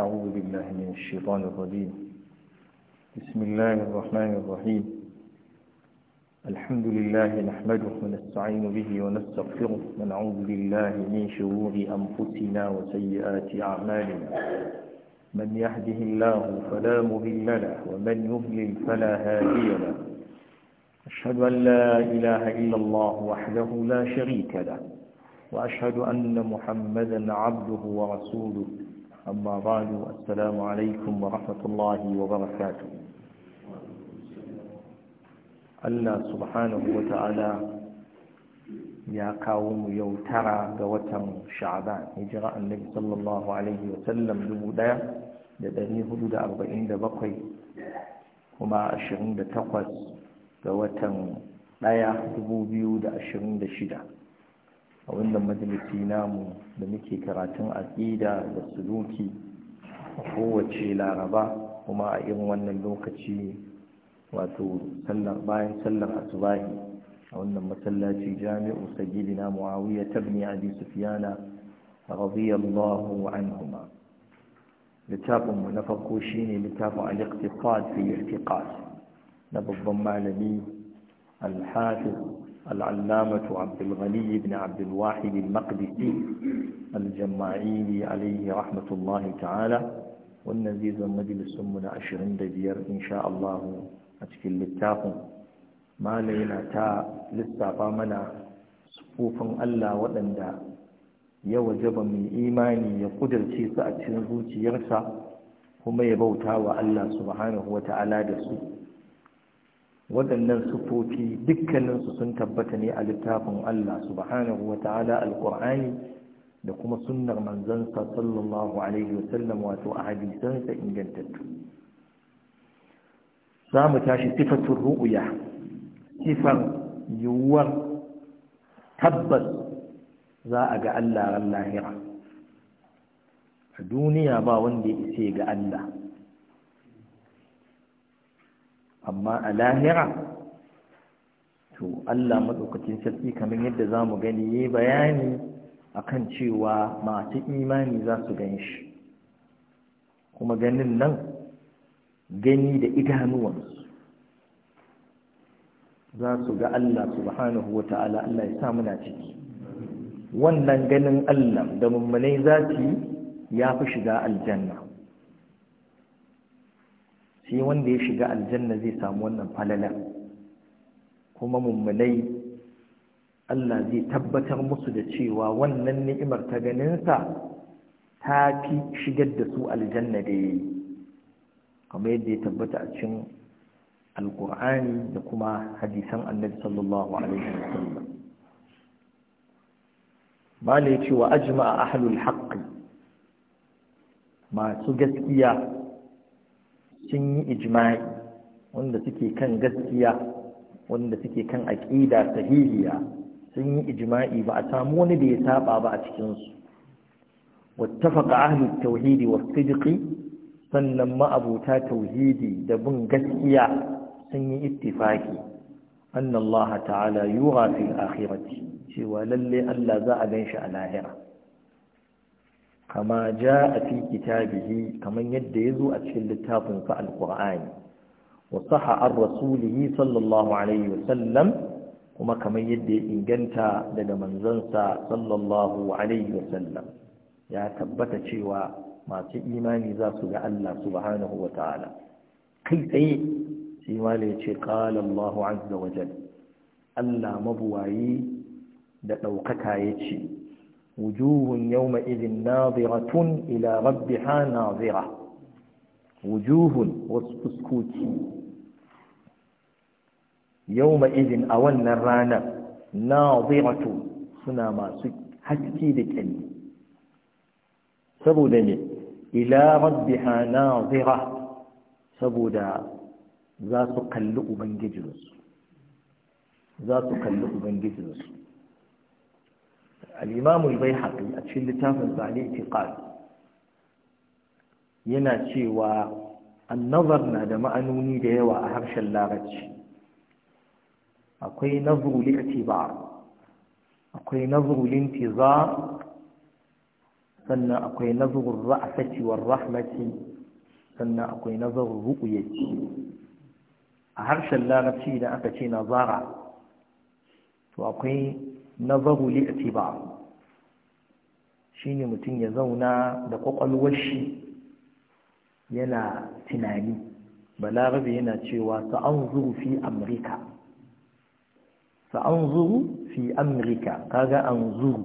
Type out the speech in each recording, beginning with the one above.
أعوذ بالله من الشيطان الرجيم بسم الله الرحمن الرحيم الحمد لله نحمده ونستعين به ونستغفره ونعوذ بالله من شرور أنفسنا وسيئات أعمالنا من يهده الله فلا مضل له ومن يضلل فلا هادي له أشهد أن لا إله إلا الله وحده لا شريك له وأشهد أن محمدا عبده ورسوله أما بعد السلام عليكم ورحمة الله وبركاته الله سبحانه وتعالى يا قوم يوترى قوتم شعبان هجراء النبي صلى الله عليه وسلم لبدا لدني هدود أربعين دبقي وما أشرين دتقوز قوتم لا يحدبوا بيود أشرين دشدا a wannan majalisi namu da muke karatun aƙida da suluki a kowace laraba kuma a irin wannan lokaci wato bayan sallar asubahi a wannan masallaci jami'u na muawiya tabni abi sufyana radiyallahu anhuma littafin mu na farko shine littafin al a fi i'tiqad na babban malami al-hafiz العلامة عبد الغني بن عبد الواحد المقدسي الجماعي عليه رحمة الله تعالى والنزي زمدي للسمنا عشرين دبير إن شاء الله أتكل التاف ما لينا تا لسا منا صفوفا ألا ودندا يوجب من إيماني يقدر تيسا أتنزوتي يرسى هم يبوتا وألا سبحانه وتعالى دسوه waɗannan sufofi dukkaninsu sun tabbata ne a littafin Allah subhanahu wa ta'ala alƙur'ani da kuma sunnar manzansa sallallahu alaihi wasallam wato a hadisansa ingantattu za mu tashi sifatun ru'uya sifar yiwuwar tabbas za a ga Allah ran lahira a duniya ba wanda ya ise ga Allah amma a lahira to Allah maɗaukacin sarki kamar yadda za mu gani yi bayani a kan cewa masu imani za su gan shi kuma ganin nan gani da idanuwansu za su ga Allah subhanahu wa ta'ala Allah ya sa muna ciki wannan ganin Allah da mummunai za su yi ya fi shiga aljanna shi wanda ya shiga aljanna zai samu wannan falala kuma mummunai Allah zai tabbatar musu da cewa wannan ni'imar ta ganinsa ta fi shigar da su aljanna da ya yi kamar yadda ya tabbata a cikin alkur'ani da kuma hadisan annabi sallallahu alaihi wa sallam ba ne cewa ajma'a ahlul haqqi masu gaskiya sun yi ijma'i wanda suke kan gaskiya wanda suke kan aƙida sahihiya sun yi ijma'i ba a samu wani da ya saba ba a cikinsu wattafaqa ahli tauhidi wa sidqi sannan ma'abuta tauhidi da bin gaskiya sun yi ittifaki annallaha ta'ala yura fil akhirati cewa lalle Allah za a ganshi a lahira kama ja a fi kitabihi kamar yadda ya zo a cikin littafinsa alkur'ani wa sahha an rasulihi sallallahu alaihi wasallam kuma kamar yadda ya inganta daga manzansa sallallahu alaihi wasallam ya tabbata cewa masu imani za su ga Allah subhanahu wa ta'ala kai tsaye shi mala ya ce qala Allahu azza wa jalla Allah mabuwayi da ɗaukaka ya ce وجوه يومئذ ناظرة إلى ربها ناظرة وجوه وسكوتي يومئذ أولنا الرانا ناظرة سنا ما سك حسكي لكلي سبودني إلى ربها ناظرة سبودا ذات قلق بنجلس ذات قلق بنجلس al-imamu al-baihaqi a cikin littafin sa al-i'tiqad yana cewa an-nazar na da ma'anoni da yawa a harshen larabci akwai nazru ba. akwai nazru lintizar sannan akwai nazrul ra'sati war rahmati sannan akwai nazrul ru'yati a harshen larabci idan aka ce nazara to akwai Na zahu li atiba shine mutum ya zauna da kwakwalwar shi yana tunani balarabe yana cewa zuru fi amrika sa'anzuru fi amrika kaga anzuru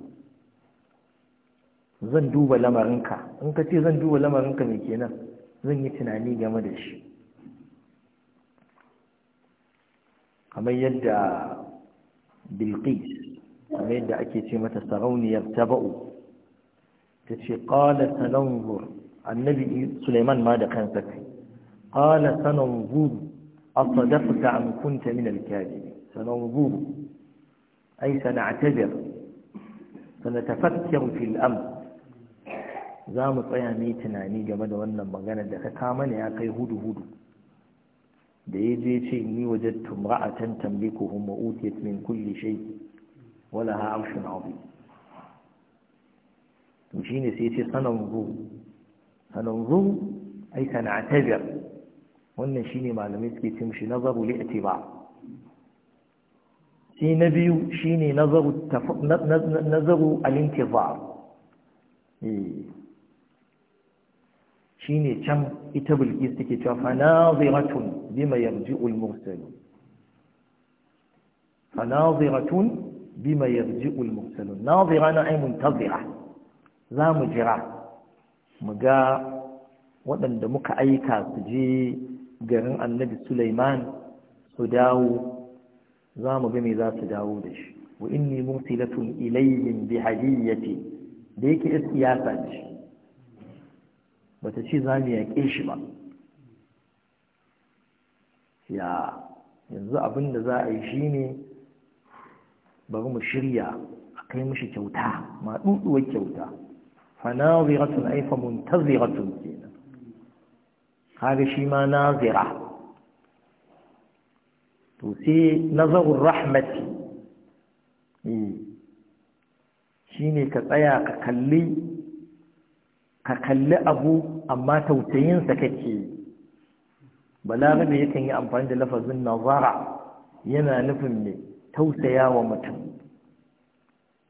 zan duba lamarinka in ka ce zan duba lamarinka mai kenan zan yi tunani game da shi kamar yadda bilqis kamar yadda ake ce mata sarauniyar taba'u ta ce ƙala sanangur annabi suleiman ma da kansa kai ƙala sanangur a sadafta an kunta min alkyaji sanangur ai sana'atabir sanatafakkiyar fil'am za mu tsaya mai tunani game da wannan magana da ka kama ne ya kai hudu-hudu da ya je ce ni wajen tumra'atan tamlikuhum wa utiyat min kulli shay' ولها عرش عظيم تجين سيتي سننظر سننظر أي سنعتبر وأن ما لم يسكي تمشي نظر لاتباع في نبي شيني نظر التف... نظر الانتظار إيه. شيني كم إتب الإستكي فناظرة بما يرجع المرسل فناظرة bima yarji'ul mursalun nadira na ai muntazira za mu jira mu ga waɗanda muka aika su je garin annabi Sulaiman su dawo za mu ga me za su dawo da shi wa inni mursilatun ilayhim bi hadiyati da yake siyasa ce bata ce za mu yaƙe shi ba ya yanzu abin da za a yi shine bari mu shirya a kai mishi kyauta ma duduwar kyauta fanaziratun aifa muntaziratun kenan kaga shi ma nazira to sai nazarun rahmati eh. shine ka tsaya ka kalli ka kalli abu amma tautayinsa kake balarabe yakan yi amfani da lafazin nazara yana nufin ne tausaya wa mutum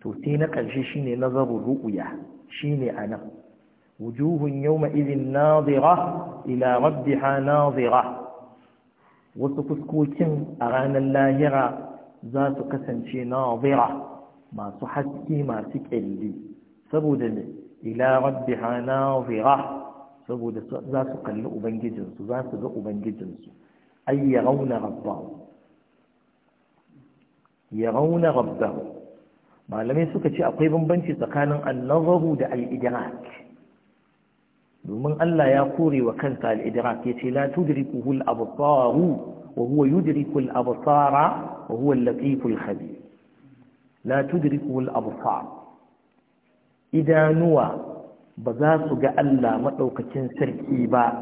to sai na ƙarshe shine nazarin ru'uya a nan wujuhun yawma na zira ila rabbiha zira wasu fuskokin a ranar lahira za su kasance zira masu haske masu ƙyalli saboda ne ila rabbiha zira saboda za su kalli ubangijinsu za su ga ubangijinsu ay rauna rabbahu ya rauna rabbahu malamai suka ce akwai bambanci tsakanin annazaru da al'idirak domin Allah ya kore wa kansa al'idirak ya ce la tudrikuhu al-absaru wa huwa yudriku al-absara wa huwa al-latifu al la tudrikuhu al idanuwa ba za su ga Allah madaukakin sarki ba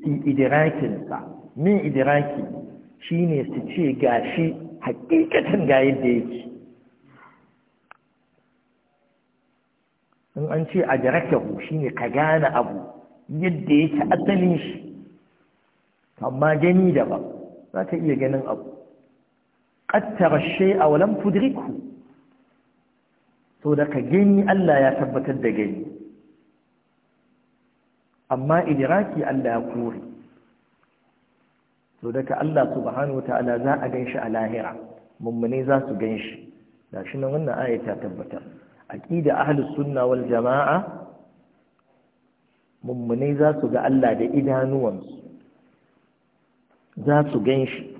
fi idirakinsa min idiraki shine su ce gashi hakikatan ga yadda yake in an ce a jarakahu shine ka gane abu yadda yake asalin shi amma gani daban za ka iya ganin abu qattara shai a lam tudrikhu to da ka gani Allah ya tabbatar da gani amma idraki Allah ya kore to daga Allah subhanahu wataala za a ganshi a lahira mummune za su ganshi gashi nan wannan aya ta tabbatar aqida ahlus sunna wal jamaa mummune za su ga Allah da idanuwansu za su ganshi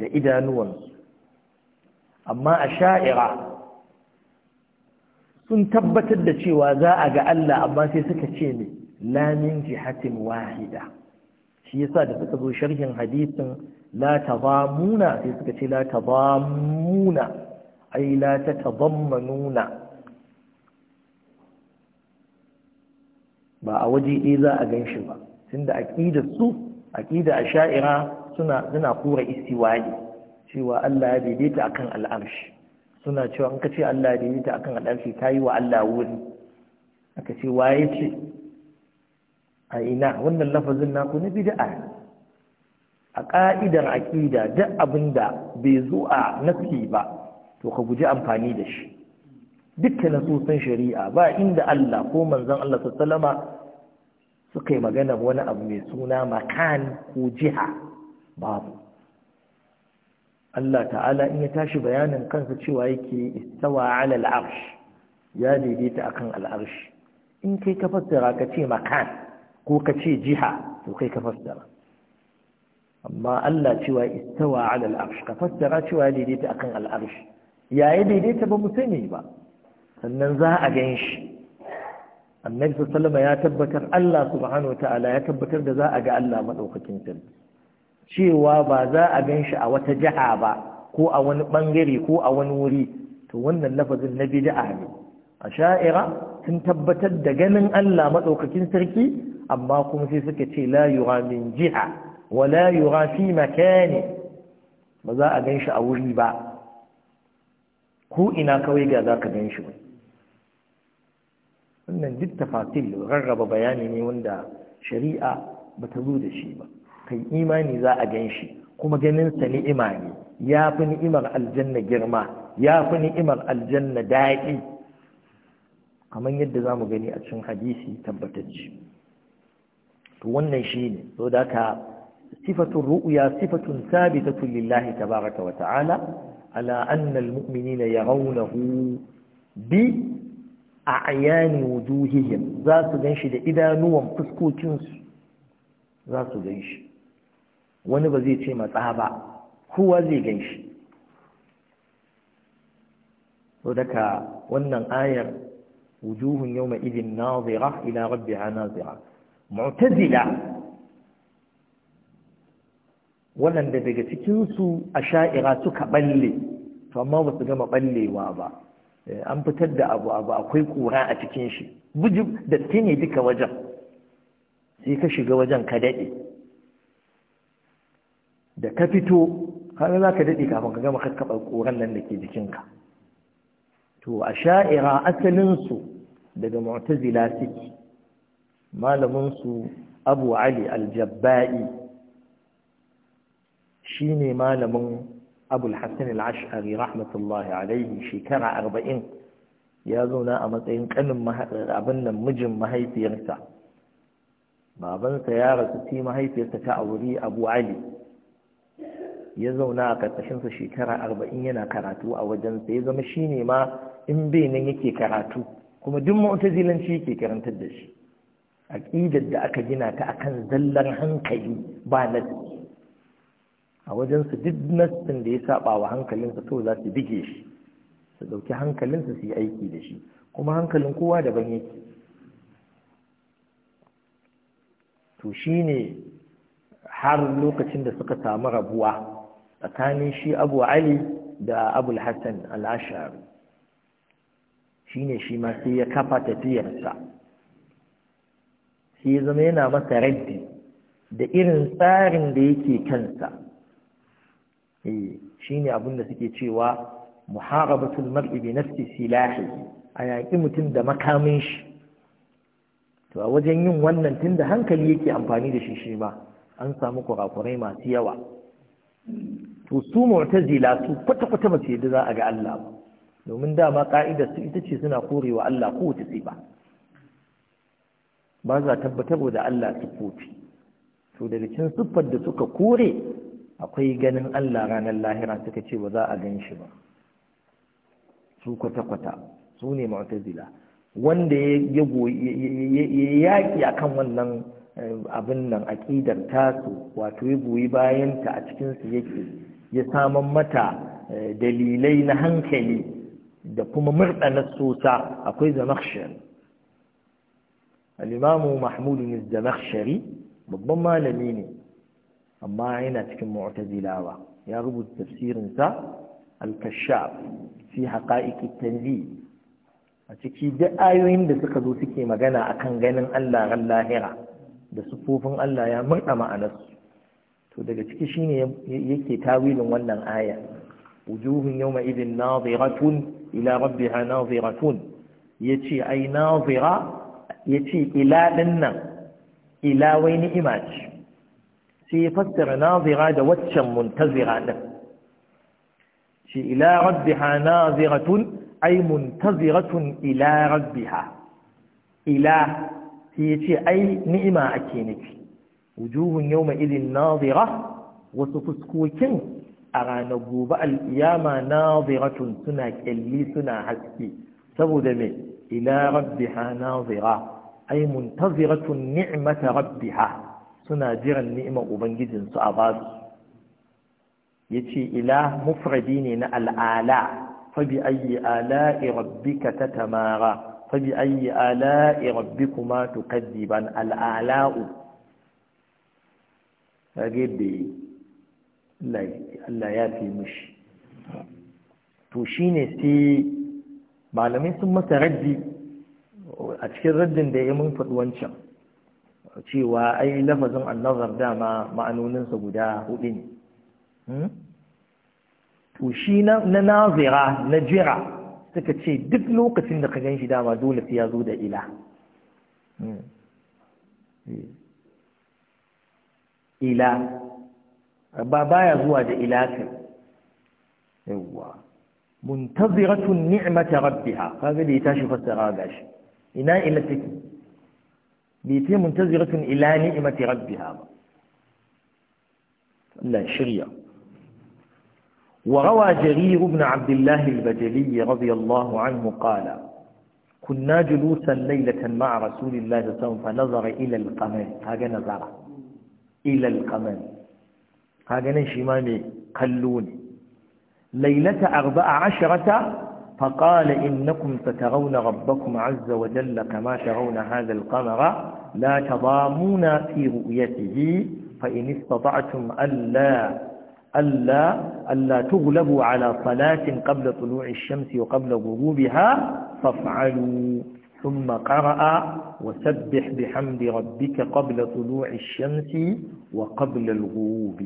da idanuwansu amma a sun tabbatar da cewa za a ga Allah amma sai suka ce ne lamin jihatin wahida shi yasa da suka zo sharhin hadisin la tadamuna sai suka ce la tadamuna ai la tatadammanuna ba a waje ɗaya za a gan shi ba tunda aqida su aqida asha'ira suna suna kura istiwa'i cewa Allah ya daidaita akan al'arsh suna cewa in ka ce Allah ya daidaita akan al'arsh kai wa Allah wuri aka ce waye ce a ina wannan lafazin naku na bid'a a ka'idar aƙida duk abinda bai zo a nafi ba to ka guji amfani da shi dukkan nasusun shari'a ba inda Allah ko manzon Allah sallama suka yi magana wani abu mai suna makan ko jiha babu Allah ta'ala in ya tashi bayanin kansa cewa yake istawa ala al'arsh ya daidaita akan al'arshi. in kai ka fassara ka ce makan ko ka ce jiha to kai ka fassara amma Allah cewa istawa ala al'arsh ka fassara cewa daidaita akan al'arsh yayi daidaita ba mu sani ba sannan za a gan shi annabi sallama ya tabbatar Allah subhanahu ta'ala ya tabbatar da za a ga Allah madaukakin sarki cewa ba za a gan shi a wata jiha ba ko a wani bangare ko a wani wuri to wannan lafazin na bid'a ne a sha'ira sun tabbatar da ganin Allah madaukakin sarki amma kuma sai suka ce la yura min jiha wa la yura fi makani ba za a gan shi a wuri ba ko ina kawai ga za ka gan shi wannan duk tafatil rarraba bayani ne wanda shari'a ba ta zo da shi ba kai imani za a gan shi kuma ganinsa ni'ima ne ya fi ni'imar aljanna girma ya fi ni'imar aljanna daɗi kamar yadda za mu gani a cikin hadisi tabbatacce to wannan shine so da ka sifatun ru'uya sifatun sabitatun lillahi tabaraka wa ta'ala ala anna almu'minina yarawnahu bi a'yani wujuhihim za su ganshi da idanuwan fuskokinsu za su wani ba zai ce matsa ba kowa zai ganshi so daga wannan ayar wujuhun yawma idin nazira ila rabbiha nazira mu'tazila waɗanda daga cikinsu a sha'ira suka ɓalle to amma ba su gama ɓallewa ba eh, an fitar da abu abu akwai ƙura a cikin shi bujib da ne duka wajen sai ka shiga wajen ka daɗe da ka fito har za ka daɗe kafin ka gama kakkaɓar ƙuran nan da ke jikinka to a sha'ira asalinsu daga mu'tazila suke malaminsu abu ali aljabba'i shi ne malamin abulhassan al'ashari rahmatullahi alaihi shekara arba'in ya zauna a matsayin kanin abin nan mijin mahaifiyarsa babansa ya rasu ti mahaifiyarsa ta auri abu ali ya zauna a ƙarƙashinsa shekara arba'in yana karatu a wajensa ya zama shi ne ma in benin yake karatu kuma duk ma'utazilanci yake karantar da shi aƙidar da aka gina ta akan zallar hankali ba nasi a wajensu duk nassin da ya saba wa hankalinsa to za su bige shi su ɗauki hankalinsa su yi aiki da shi kuma hankalin kowa daban yake to shi ne har lokacin da suka samu rabuwa tsakanin shi abu ali da abul hassan al'ashari shi ne shi ma sai ya kafa tafiyarsa sai ya zama yana masa raddi da irin tsarin da yake kansa eh, shi ne da suke cewa muharabatul mar'i bi nafsi silahi a yaƙi mutum da makamin shi to a wajen yin wannan tun da hankali yake amfani da shi shi ba an samu kurakurai masu yawa to su mu'tazila su kwata-kwata mace da za a ga Allah domin dama ka'idar su ita ce suna korewa Allah kowace sifa ba za tabbatarwa da Allah siffofi to daga cikin siffar da suka kore akwai ganin Allah ranar lahira suka ce ba za a gan shi ba su kwata-kwata su ne ma'utazila wanda ya yaƙi a kan wannan eh, abin nan aƙidar tasu wato ya goyi bayanta a cikinsu yake ya saman mata eh, dalilai na hankali da kuma murɗa na sosa akwai zamakshir al'imamu mahmudun az-zamakhshari babban malami ne amma yana cikin mu'tazilawa ya rubuta tafsirinsa al-kashaf Si haqa'iq at a ciki duk ayoyin da suka zo suke magana akan ganin Allah ran lahira da sufofin Allah ya murda ma'anarsu to daga ciki shine yake tawilin wannan aya wujuhun yawma idin nadhiratun ila rabbiha Ya ce ai nadhira ya ce ila ɗin nan ila wai ni'ima ce sai ya fassara nazira da waccan muntazira ɗin shi ila rabbiha naziratun ai muntaziratun ila rabbiha ila sai ya ce ai ni'ima ake nufi wujuhun yawma idin nazira wasu fuskokin a ranar gobe al'iyama naziratun suna ƙyalli suna haske saboda mai ila rabbiha nazira أي منتظرة نعمة ربها سناجر النعمة أبنجد سأباد يتي إله مفردين الآلاء فبأي آلاء ربك تتمارى فبأي آلاء ربكما تكذبا الآلاء أجيب الله يافي مش to shi ne sai malamai sun masa raddi a cikin raddin da ya mun faɗi wancan cewa ai lafazin annazar dama ma'anoninsa guda hudu ne hmm? to shi na nazira na jira suka ce duk lokacin da ka gan shi dama dole sai ya zo da ila hmm. eh. ila ba baya zuwa da ila yawwa muntaziratun ni'mata rabbiha kaga da ya tashi fassara gashi إلى ila take bai منتظرة إلى ila ربها لا ba وروى جرير بن عبد الله البجلي رضي الله عنه قال كنا جلوسا ليلة مع رسول الله صلى الله عليه وسلم فنظر إلى القمر هذا نظر إلى القمر هذا نشمام قلوني ليلة أربع عشرة فقال إنكم سترون ربكم عز وجل كما ترون هذا القمر لا تضامون في رؤيته فإن استطعتم ألا ألا ألا تغلبوا على صلاة قبل طلوع الشمس وقبل غروبها فافعلوا ثم قرأ وسبح بحمد ربك قبل طلوع الشمس وقبل الغروب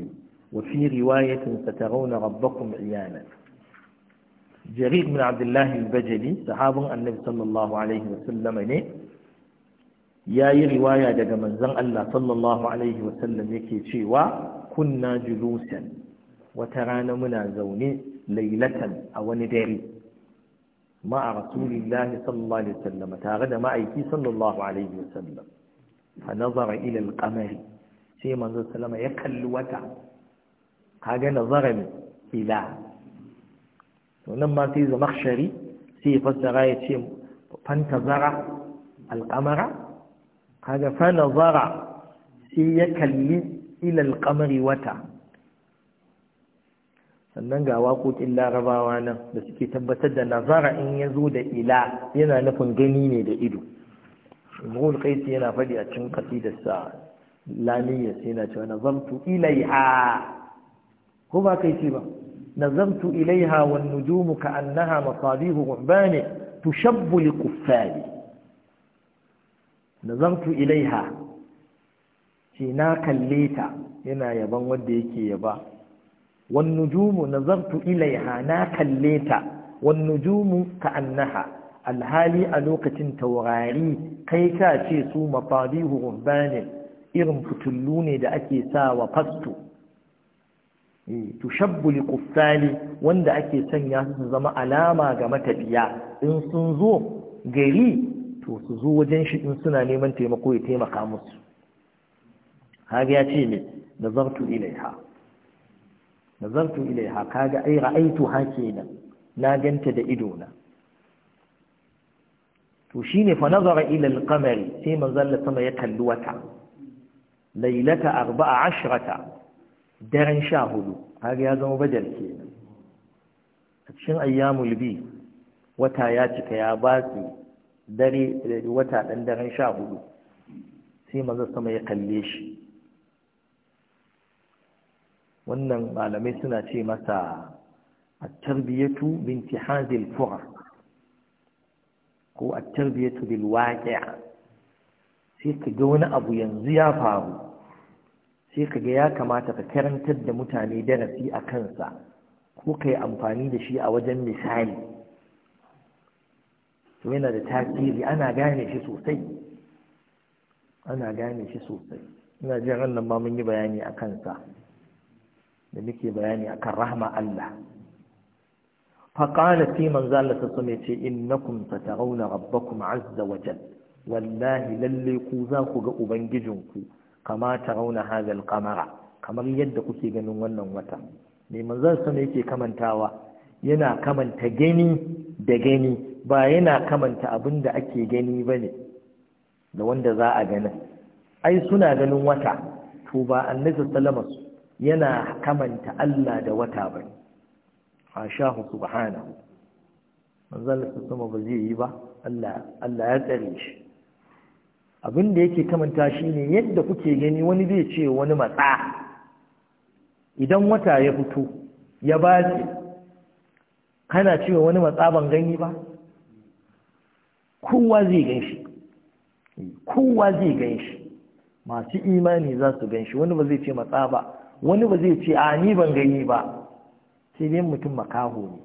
وفي رواية سترون ربكم عيانا jarir min abdullahi al-bajali sahabin annabi sallallahu alaihi wasallama ne ya yi riwaya daga manzon Allah sallallahu alaihi wasallam yake cewa kunna julusan wata rana muna zaune lailatan a wani dare ma'a rasulillahi sallallahu alaihi wasallam tare da ma'aiki sallallahu alaihi wasallam fa nazara ila al-qamari sai manzon sallama ya kalli wata kaga nazara ila wannan ma sai zama shari sai ya fassara ya ce fanta zara alƙamara kaga fana zara sai ya kalli ilal ƙamari wata sannan ga waƙoƙin larabawa nan da suke tabbatar da nazara in ya zo da ila yana nufin gani ne da ido zuhul kaisi yana faɗi a cikin kasidarsa lamiyya sai yana cewa nazartu ilaiha ko ba kai ce ba نظمت إليها والنجوم كأنها مصابيح غعبان تشب لقفالي نظمت إليها شينا كليتا هنا يبان وديكي يبا والنجوم نظرت إليها نا كليتا والنجوم كأنها الهالي ألوقة توراري كيكا شيسو مصابيح غربان إرم فتلوني دا أكي سا وقستو Eh, tushabbu li kuffali wanda ake sanya su zama alama ga matafiya in sun zo gari to su zo wajen shi in suna neman taimako ya taimaka musu Har ya ce me nazartu ilaiha nazartu ilaiha kaga ai ra'aitu ha na ganta da ido na to shine fa nazara ila al-qamari sai manzon Allah sama ya kalli wata lailata 14 daren sha hudu har ya zama badar ke a cikin ayyamul bi wata ya cika ya batsi dare wata ɗan daren sha hudu sai maza sama ya kalle shi wannan malamai suna ce masa a tarbiyatu binti hazil fura ko a tarbiyatu bil sai ka ga wani abu yanzu ya faru sai kaga ya kamata ka karantar da mutane darasi a kansa ko ka yi amfani da shi a wajen misali Su yana da tasiri ana gane shi sosai ana gane shi sosai ina jin ran ma mun yi bayani a kansa da muke bayani akan rahma Allah فقال في من زال تسميتي إنكم سترون Wallahi lalle ku za ku ga Ubangijinku. kama ta rauna hazal kamara kamar yadda kuke ganin wannan wata ne manzan sama yake kamantawa yana kamanta gani da gani ba yana kamanta abin da ake gani bane da wanda za a gani ai suna ganin wata to ba annabi sallama yana kamanta Allah da wata bane hashahu subhanahu manzon sama ba zai yi ba Allah Allah ya tsare shi abin da yake kamanta shi ne yadda kuke gani wani zai ce wani matsa idan wata ya fito ya ba kana cewa wani matsa ban gani ba kowa zai gan shi kowa zai gan shi masu imani za su gan shi wani ba zai ce matsa ba wani ba zai ce a ni ban gani ba sai dai mutum makaho ne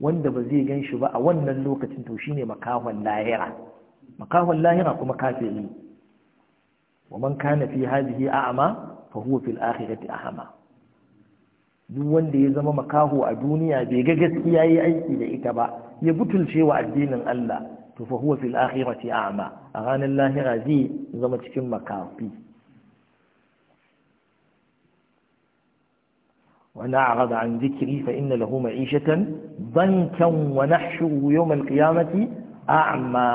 wanda ba zai gan shi ba a wannan lokacin to shine makahon lahira makahon lahira kuma kafiri ومن كان في هذه أعمى فهو في الآخرة أعمى duk wanda ya zama makaho a duniya bai ga gaskiya yi aiki da ita ba ya butulce wa addinin Allah to fa huwa fil akhirati a'ma a ranar lahira zai zama cikin makafi wa na'rada an dhikri fa inna lahu ma'ishatan dankan wa nahshuru yawm al-qiyamati a'ma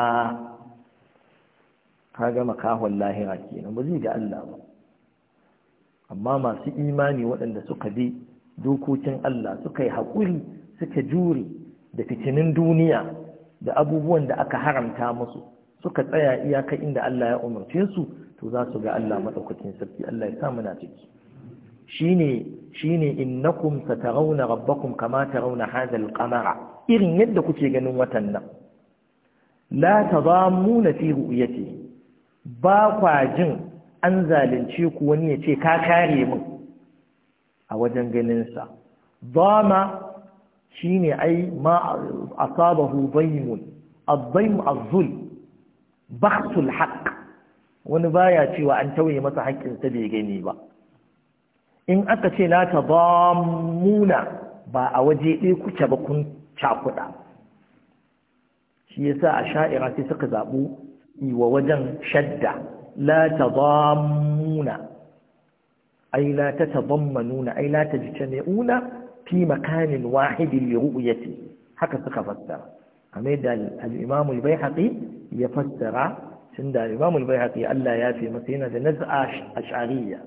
ka ga makahon lahira kenan ba zai ga Allah ba amma masu imani waɗanda suka bi dokokin Allah suka yi haƙuri suka jure da fitinin duniya da abubuwan da aka haramta musu suka tsaya iyaka inda Allah ya umarce su to za su ga Allah madaukakin sarki Allah ya sa muna ciki shine shine innakum satarawna rabbakum kama tarawna hadha alqamara irin yadda kuke ganin watan nan la tadamuna fi ru'yati ba kwa jin an zalunce ku wani ya ce ka kare min a wajen ganinsa zama shi ne ai ma asabahu zaimun azzaimu azzul baktul Haq. wani baya cewa an tauye masa haƙƙinsa bai gani ba in aka ce la tadamuna ba a waje ɗaya kuce ba kun cakuɗa shi yasa a sha'ira sai suka zaɓu ووجن شدة لا تضامون أي لا تتضمنون أي لا تجتمعون في مكان واحد لرؤيته هكذا فسر حميد الإمام البيحقي يفسر عند الإمام البيحقي ألا يأتي مسينة نزع أشعرية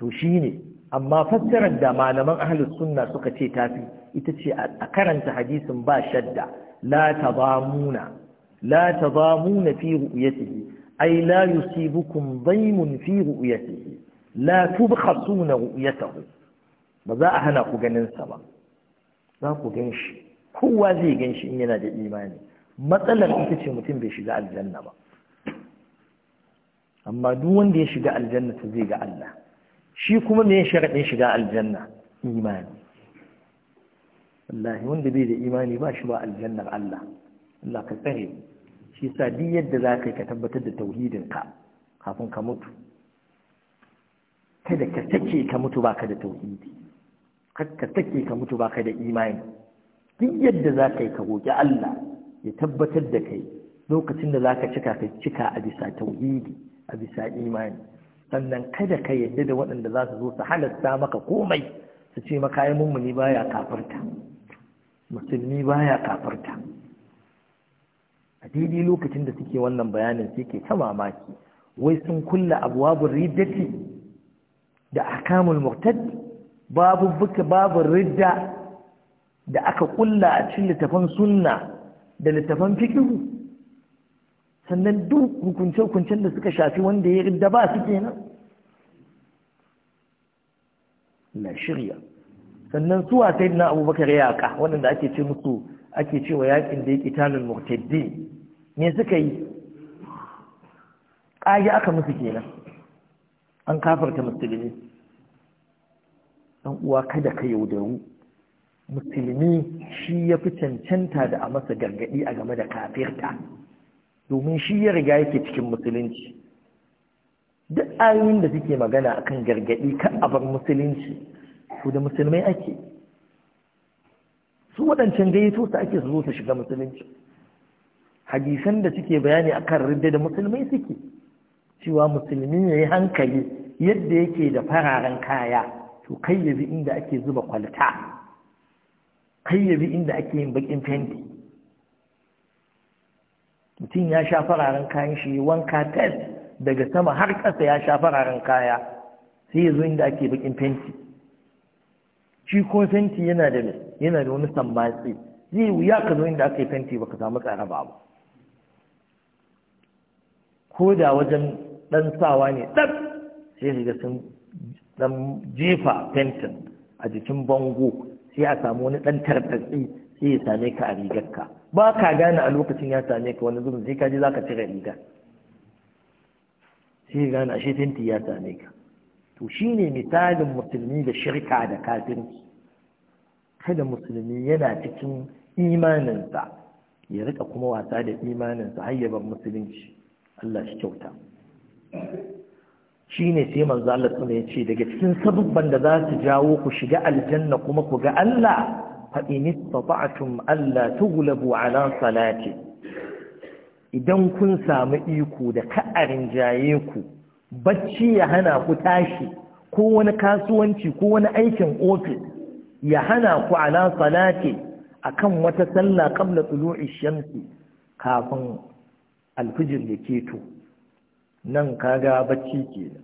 تشيني أما فسر da من أهل السنة suka تافي tafi أكرنت حديث a la tadamuna la tadamuna fi ru'yatihi ay la yusibukum daymun ba za hana ku ganin sa ba za ku gan shi kowa zai ganshi in yana da imani matsalar ita ce mutum bai shiga aljanna ba amma duk wanda ya shiga aljanna ta zai ga Allah shi kuma me sharaɗin shiga aljanna imani wallahi wanda bai da imani ba shi ba aljannar Allah Allah ka tsare shi sa duk yadda za yi ka tabbatar da tauhidin ka kafin ka mutu kada ka take ka mutu baka da tauhidi ka take ka mutu baka da imani duk yadda za ka yi ka roƙi Allah ya tabbatar da kai lokacin da zaka cika ka cika a bisa tauhidi a bisa imani sannan kada ka yadda da waɗanda za su zo su halasta maka komai su ce maka yi mummuni baya kafarta musulmi baya kafarta a daidai lokacin da suke wannan bayanin sai ke ta mamaki wai sun kulla abuwabin riddati da akamul murtad babu buka babu ridda da aka kulla a cikin littafan sunna da littafan fikihu sannan duk hukunce-hukuncen da suka shafi wanda ya ridda ba su kenan la shirya sannan suwa sai na abubakar yaƙa waɗanda ake ce musu ake cewa yaƙin da ya tanin murtaddi me suka yi ƙage aka musu kenan an kafarta musulmi ɗan uwa kada ka yaudaru musulmi shi ya fi cancanta da a masa gargaɗi a game da kafirta domin shi ya riga yake cikin musulunci duk ayoyin da suke magana akan gargaɗi kan abar musulunci to da musulmai ake su waɗancan gayyato ta ake su zo su shiga musulunci hadisan da suke bayani akan rinde da musulmai suke cewa musulmi ya yi hankali yadda yake da fararen kaya to kai yabi inda ake zuba kwalta kai yabi inda ake yin bakin fenti mutum ya sha fararen kayan shi wanka tes daga sama har kasa ya sha fararen kaya sai ya zo inda ake bakin fenti shi ko fenti yana da yana da wani sambatsi zai wuya ka zo inda aka yi fenti baka samu tsara ba ba ko da wajen dan sawa ne ɗan sai shiga sun dan jefa fentin a jikin bango sai a samu wani ɗan tartatsi sai ya same ka a rigarka ba ka gane a lokacin ya same ka wani zubin sai ka ji za ka cire rigar sai ya gane ashe fenti ya same ka to ne misalin musulmi da shirka da kafirci kada musulmi yana cikin imaninsa ya rika kuma wasa da imaninsa hayyabar musulunci Allah shi kyauta shi ne sai manzo Allah sun ya ce daga cikin sabubban da za su jawo ku shiga aljanna kuma ku ga Allah fa in istata'tum alla tughlabu ala salati idan kun samu iko da ka'arin jaye ku bacci ya hana ku tashi ko wani kasuwanci ko wani aikin ofis ya hana ku ala salati akan wata sallah qabla tulu'i shamsi kafin alfijir ya keto nan kaga bacci kenan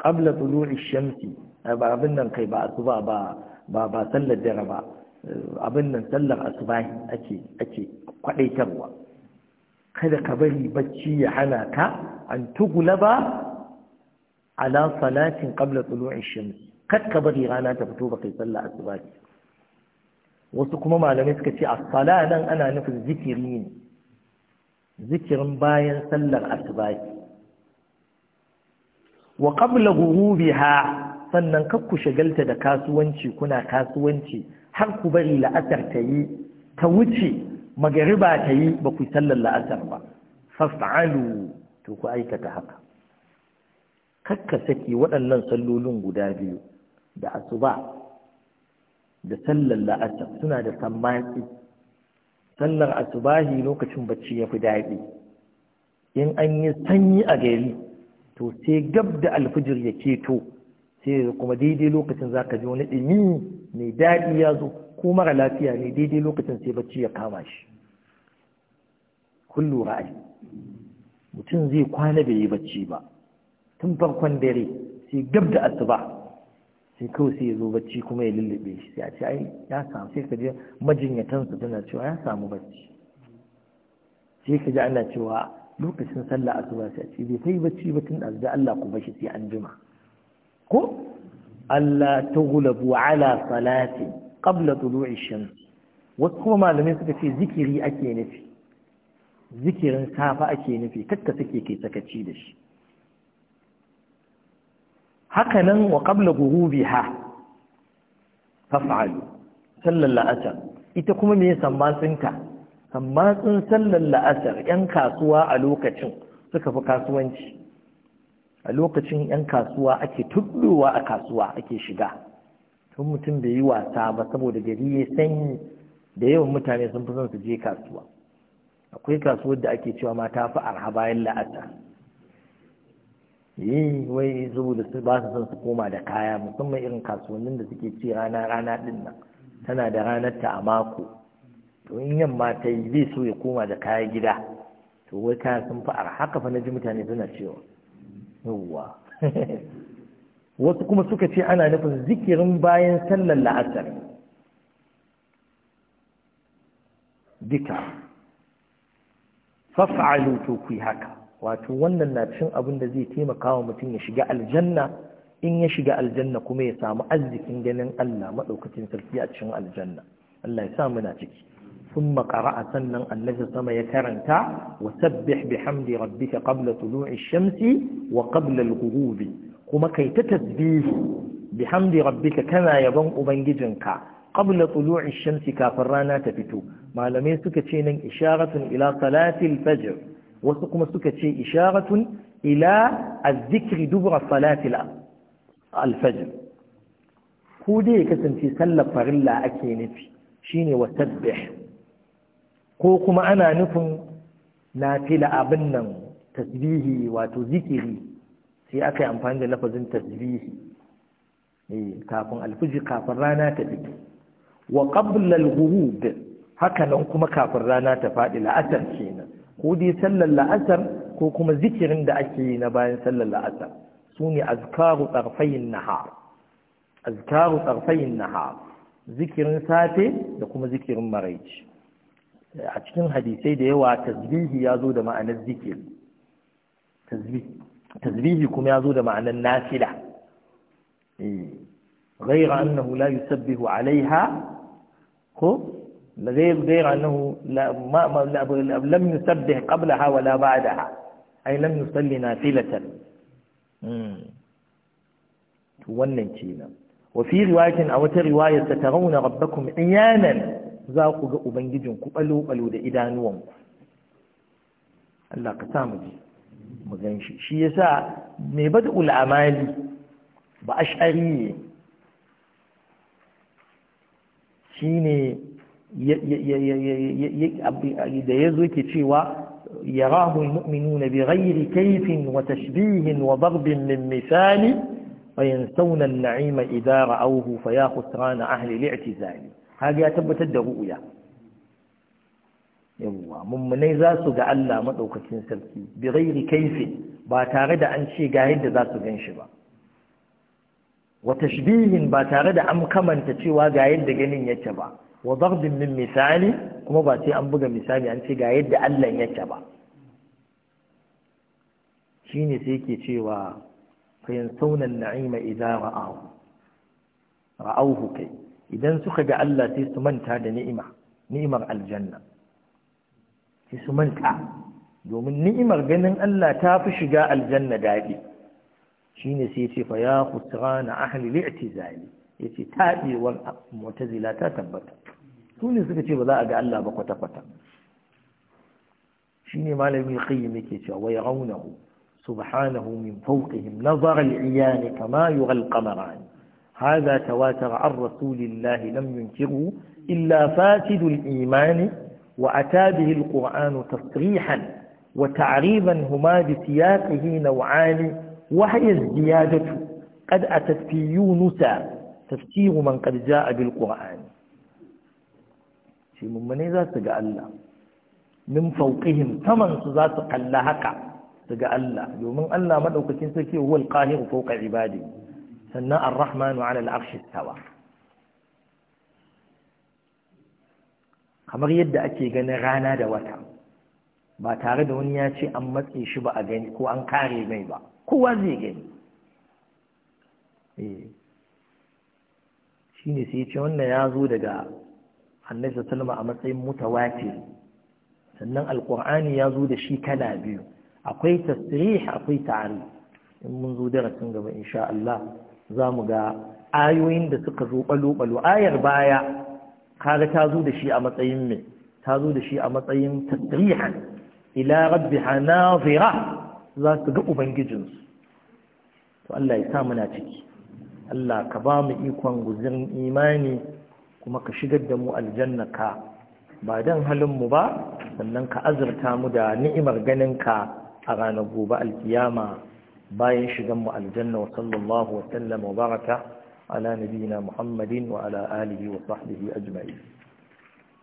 qabla tulu'i shamsi ba abin nan kai ba asuba ba ba ba sallar dare ba abin nan sallar asuba ake ake kwadaitarwa kada ka bari bacci ya hana ka an tugulaba ala salatin qabla tulu'i shams kad ka bari rana ta fito ba kai sallah asuba wasu kuma malamai suka ce as-sala nan ana nufin zikiri ne zikirin bayan sallar asuba wa qabla ghurubiha sannan kar ku shagalta da kasuwanci kuna kasuwanci har ku bari la'asar ta yi ta wuce magariba ta yi ba ku sallar la'asar ba fasta'alu to ku aikata haka kakka saki waɗannan sallolin guda biyu da asuba da sallar la'asar suna da sammaki sallar asubahi lokacin bacci ya fi daɗi in an yi sanyi a gari to sai gab da alfijir ya keto sai kuma daidai lokacin za ka ji wani ɗimi mai daɗi ya zo ko mara lafiya ne daidai lokacin sai bacci ya kama shi kullu ra'ayi mutum zai kwana bai yi bacci ba tun farkon dare sai gab da asuba sai kawai sai ya zo bacci kuma ya lullube shi sai a ce ai ya samu sai ka je majinyatan su tana cewa ya samu bacci sai ka ji ana cewa lokacin sallah asuba sai a ce bai kai bacci ba tun da Allah ku bashi sai an jima ko Allah taghlabu ala salati qabla tulu'i shams wasu kuma malamai suka ce zikiri ake nufi zikirin safa ake nufi kakka suke kai sakaci da shi haka nan wa qabla ghurubiha faf'alu sallar la'asar ita kuma me sammatsinka sammatsin sallar la'asar yan kasuwa a lokacin suka fi kasuwanci a lokacin 'yan kasuwa ake tuddowa a kasuwa ake shiga tun mutum bai yi wasa ba saboda gari ya sanyi da yawan mutane sun fi son su je kasuwa akwai kasuwar da ake cewa mata fi arha bayan la'asa yi wai da su ba su son su koma da kaya musamman irin kasuwannin da suke ci rana rana din nan tana da ranar ta a mako to in yamma ta yi zai so ya koma da kaya gida to wai kaya sun fi arha haka fa na ji mutane suna cewa yawwa wasu kuma suka ce ana nufin zikirin bayan sallar la'asar duka faf'alu to ku haka wato wannan na cin abin da zai taimaka wa mutum ya shiga aljanna in ya shiga aljanna kuma ya samu arzikin ganin Allah maɗaukacin sarki a cikin aljanna Allah ya sa muna ciki sun makara a sannan annabi sama ya karanta wa sabbih bihamdi rabbika qabla tulu'i shamsi wa qabla al kuma kai ta tasbih bihamdi rabbika kana yaban ubangijinka qabla tulu'i shamsi kafin rana ta fito malamai suka ce nan isharatun ila salati al-fajr wasu kuma suka ce isharatun ila az-zikri dubra salati al-fajr ku dai kasance sallar farilla ake nufi shine wa sabbih ko kuma ana nufin fila abin nan tasbihi wato zikiri sai aka yi amfani da lafazin tasbihi eh, kafin alfijir kafin rana ta fito wa qablal al-ghurub haka nan kuma kafin rana ta faɗi la'asar kenan ko dai sallar la'asar ko kuma zikirin da ake yi na bayan sallar la'asar sune azkaru tsarfayin nahar azkaru tsarfayin nahar zikirin safe da kuma zikirin maraici a cikin hadisai da yawa tasbihi ya zo da ma'anar zikir tasbihi kuma ya zo da ma'anar nafila غير eh, annahu لا يسبه عليها ko غير annahu أنه لا ما ما لم يسبح قبلها ولا بعدها أي wannan kenan wa fi riwayatin a wata riwaya ta tarawna rabbakum iyanan za ku ga ubangijin ku balo-balo da idanuwanku Allah ka sa mu ji mu gan shi shi yasa mai bada ul'amali ba ash'ari ne shi ne da ya zo ke cewa يراه المؤمنون بغير كيف وتشبيه وضرب من مثال وينسون النعيم إذا رأوه فيا خسران أهل الاعتزال kaga ya tabbatar da ru'uya yawwa mummunai za su ga Allah maɗaukacin sarki bi ghairi kaifi ba tare da an ce ga yadda za su ganshi ba wa tashbihin ba tare da an kamanta cewa ga yadda ganin yake ba wa darbin min misali kuma ba sai an buga misali an ce ga yadda Allah yake ba shine sai yake cewa fa yansawna naima idza ra'ahu kai idan suka ga Allah sai su manta da ni'ima ni'imar aljanna sai su manta domin ni'imar ganin Allah ta fi shiga aljanna daɗi ne sai ce fa ya khusrana ahli li'tizali yace taɗewar mu'tazila ta tabbata su ne suka ce ba za a ga Allah ba kwata kwata shine malami qayyim yake cewa wa yarawnahu subhanahu min fawqihim nazara al-iyan kama yura هذا تواتر عن رسول الله لم ينكره إلا فاسد الإيمان وأتى به القرآن تصريحا وتعريبا هما بسياقه نوعان وهي الزيادة قد أتت في يونس تفسير من قد جاء بالقرآن شيء من من ذات الله من فوقهم ثمن ذات قلهك تقال الله يوم الله مدوكتين سكي هو القاهر فوق عباده sannan ar-rahmanu ala al-arshi tawa kamar yadda ake ganin rana da wata ba tare da wani ya ce an matse shi ba a gani ko an kare mai ba kowa zai gani eh. shi ne sai ce wannan ya zo daga annabi salma a matsayin mutawatir sannan alkur'ani ya zo da shi kala biyu akwai tasrih akwai ta'arif in mun zo darasin gaba insha Allah za mu ga ayoyin da suka zo ɓalo-ɓalo ayar baya kaga ta zo da shi a matsayin mai ta zo da shi a matsayin tasirihan ila rabbi hanazira za su ga ubangijinsu to Allah ya sa muna ciki Allah ka ba mu ikon guzirin imani kuma ka shigar da mu aljanna ka ba don halinmu ba sannan ka azurta mu da ni'imar ganinka a ranar gobe alkiyama bayan shigan mu aljanna wa sallallahu wa sallama wa baraka ala nabiyina muhammadin wa ala alihi wa sahbihi ajma'in